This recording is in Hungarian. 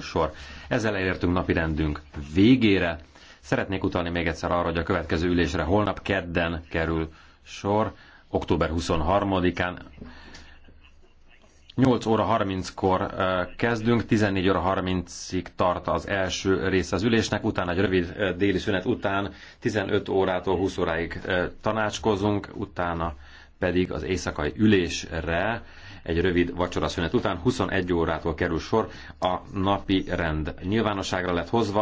sor. Ezzel elértünk rendünk végére. Szeretnék utalni még egyszer arra, hogy a következő ülésre holnap kedden kerül sor, október 23-án. 8 óra 30-kor kezdünk, 14 óra 30-ig tart az első rész az ülésnek, utána egy rövid déli szünet után 15 órától 20 óráig tanácskozunk, utána pedig az éjszakai ülésre egy rövid vacsoraszünet után 21 órától kerül sor, a napi rend nyilvánosságra lett hozva,